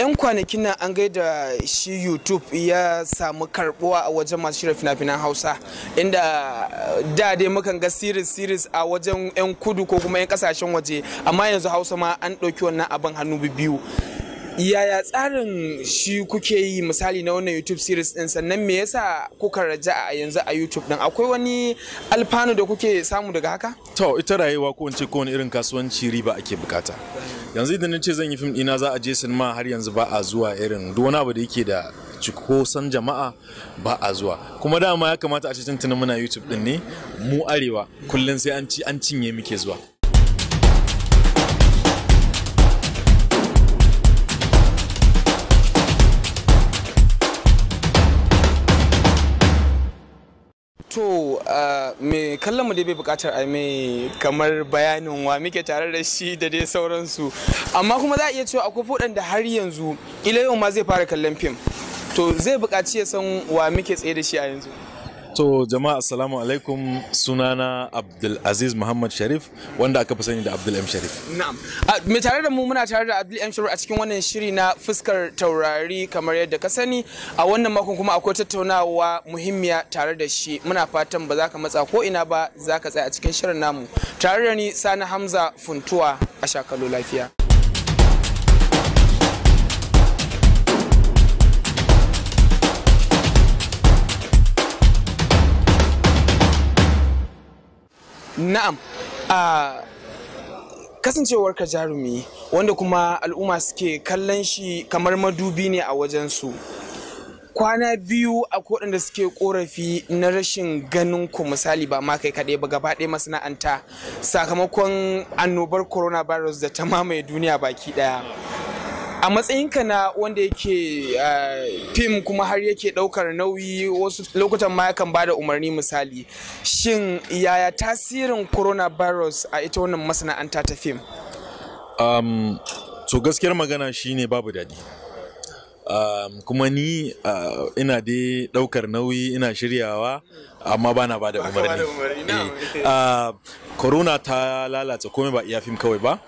'yan kwanakin nan an gaida shi youtube ya samu karbuwa a wajen masu shirya fina-finan hausa inda eh, da dai mukan ga series series a wajen 'yan kudu ko kuma 'yan kasashen waje amma yanzu hausa ma an ɗauki wannan abin hannu biyu yaya tsarin shi kuke yi misali na wannan youtube series din sannan me yasa kuka raja a yanzu a youtube din akwai wani alfanu da kuke samu daga haka to ita rayuwa ko in ce wani irin kasuwanci riba ake bukata yanzu idan nace zan yi fim dina za a je sinima har yanzu ba a zuwa irin duk wani abu da yake da cikosan jama'a ba a zuwa kuma dama ya kamata a ce tuntuna muna youtube din ne mu arewa kullum sai an ci an cinye muke zuwa to me kallon mu dai bai bukatar a mai kamar bayanin wa muke tare da shi da dai sauransu amma kuma za a iya cewa akwai fudan da har yanzu ila yau ma zai fara kallon fim to zai bukaci ya san wa muke tsaye da shi a yanzu To jama'a assalamu alaikum sunana Abdulaziz Muhammad Sharif wanda aka fi sani da Abdul M Sharif. Na'am. Me tare da mu muna tare da Abdul M Sharif a cikin wannan shiri na fuskar taurari kamar yadda ka sani a wannan makon kuma akwai tattaunawa muhimmiya tare da shi muna fatan ba za ka matsa ko ina ba za ka tsaya a cikin shirin namu tare da ni Sani Hamza Funtuwa a shakalo lafiya. na'am a kasancewar ka jarumi wanda kuma al'umma suke kallon shi kamar madubi ne a wajen su, kwana biyu a waɗanda suke ƙorafi na rashin ganin ku misali ba ma kai kaɗai ba gaba ɗaya masana'anta sakamakon annobar coronavirus da ta mamaye duniya baki ɗaya a matsayinka na wanda yake eh, fim kuma har yake daukar nauyi wasu lokutan ma yakan bada umarni misali shin yaya tasirin coronavirus a ita wannan masana'anta ta fim um, to gaskiyar magana shine babu daɗi um, kuma ni ina dai daukar nauyi ina shiryawa amma ba na bada umarni eh, corona ta lalata komai ba iya fim kawai ba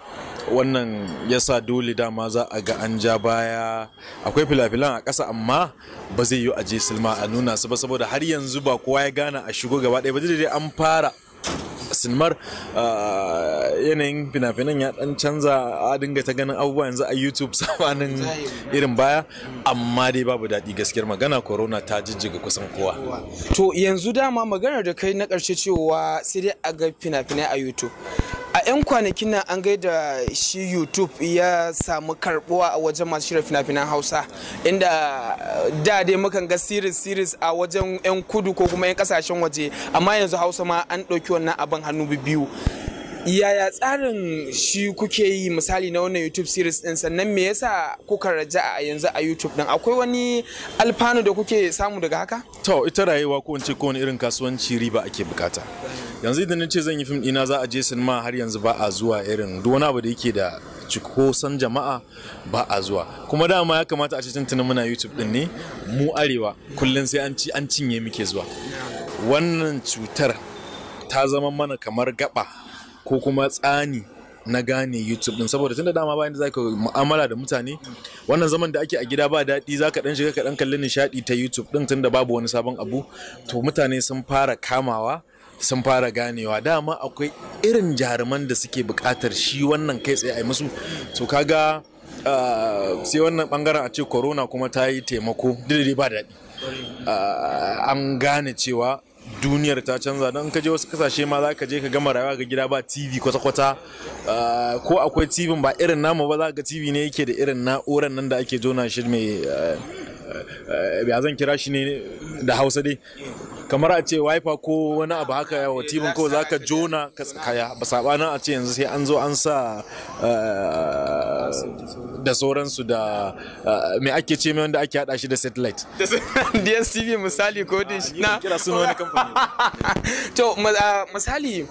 wannan yasa dole dama za a ga an ja baya akwai filafilan a kasa amma ba zai yi a je silma a nuna su ba saboda har yanzu ba kowa ya gana a shigo gaba ɗaya ba dai an fara silmar ah, yanayin finafinan ya dan canza a dinga ta ganin abubuwa yanzu a youtube samanin irin baya amma dai babu daɗi gaskiyar magana corona ta jijjiga kusan kowa to yanzu dama maganar da kai na ƙarshe cewa sai dai a ga finafinai a youtube a 'yan kwanakin nan an gaida shi youtube ya samu karbuwa a wajen masu shirya fina-finan hausa inda eh, da dai mukan ga series series a wajen 'yan kudu ko kuma 'yan kasashen waje amma yanzu hausa ma an ɗauki wannan abin hannu biyu yaya tsarin shi kuke yi misali na wannan youtube series din sannan me yasa kuka raja a yanzu a youtube din akwai wani alfanu da kuke samu daga haka to ita rayuwa ko in ce ko wani irin kasuwanci riba ake bukata yanzu idan na ce zan yi fim ɗina za a je sinima har yanzu ba a zuwa irin duk wani abu da yake da cikosan jama'a ba a zuwa kuma dama ya kamata a ce tuntuna muna youtube din ne mu arewa kullum sai an ci an cinye muke zuwa wannan cutar ta zama mana kamar gaba ko kuma tsani na gane YouTube din saboda tunda dama bayan da zaka mu'amala da mutane wannan zaman da ake a gida ba daɗi zaka dan shiga ka dan kalli nishaɗi ta YouTube din tunda babu wani sabon abu to mutane sun fara kamawa sun fara ganewa dama akwai irin jaruman da suke buƙatar shi wannan kai tsaye a musu to kaga ah, sai wannan bangaren a ce corona kuma ta yi taimako dai ba daɗi ah, an gane cewa duniyar ta canza don ka je wasu kasashe ma za ka je ka gama rayuwa ga gida ba tv kwata-kwata ah, ko akwai tv ba irin namu ba za ka tv ne yake da irin na'urar nan da ake jona shi mai ya zan kira shi ne da hausa dai kamar a ce wiper ko wani abu haka wa tibin ko za ka jona ka tsakaya ba sabanin a ce yanzu sai an zo an sa eh, da sauransu da eh, me ake ce mai wanda ake hada shi da satellite dstv misali ko ah, shi na kira suna wani kamfani to ah, misali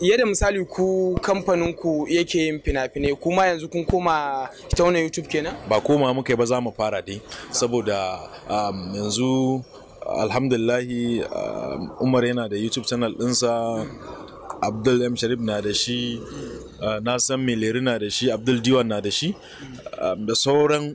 yadda misali ku kamfanin ku yake yin fina-finai kuma yanzu kun koma ta wannan youtube kenan ba koma muka ba za mu fara dai saboda um, yanzu alhamdulillahi um, umar yana da youtube channel dinsa abdul m sharif na da shi uh, na san mileri na da shi abdul diwan na da shi um, da sauran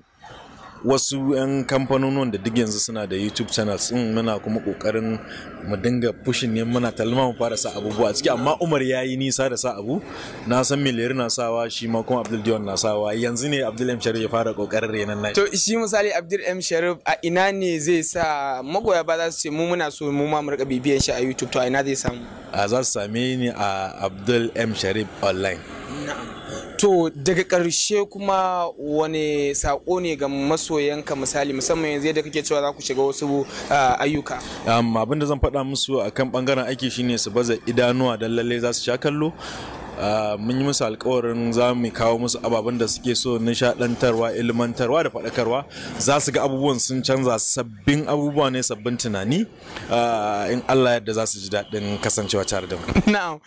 wasu 'yan kamfanonin da duk yanzu suna da youtube channels in muna kuma kokarin mu dinga pushin ne muna talma mu fara sa abubuwa a ciki amma umar ya yi nisa da sa abu na san miliyar na sawa shi ma kuma abdul diwan na sawa yanzu ne abdul m sharif ya fara kokarin renan na to shi misali abdul m sharif a ina ne zai sa magoya ba za su ce mu muna so mu ma mu rika bibiyan shi a youtube to a ina zai samu a za su same ni a abdul m sharif online to daga ƙarshe kuma wani saƙo ne ga masoyanka misali musamman yanzu yadda kake cewa za ku shiga wasu ayyuka abin da zan faɗa musu a kan ɓangaren aiki shine su baza idanuwa don lalle za su sha kallo mun yi musu alkawarin za mu kawo musu ababen da suke so nishadantarwa ilmantarwa da faɗakarwa za su ga abubuwan sun canza sabbin abubuwa ne sabbin tunani in allah yadda za su ji daɗin kasancewa tare da mu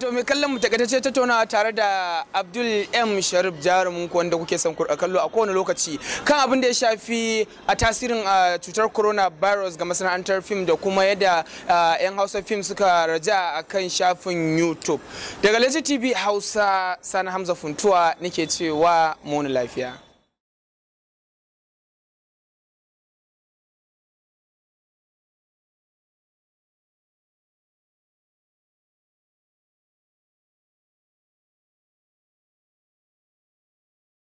to mai kallon mu takaitacce tattaunawa tare da Abdul M Sharif jarumin ku wanda kuke son kallo a kowane lokaci kan abin da ya shafi a tasirin cutar corona virus ga masana'antar fim da kuma yadda yan Hausa fim suka raja a kan shafin YouTube. Daga Legit TV Hausa Sani Hamza Funtuwa nake cewa mu lafiya.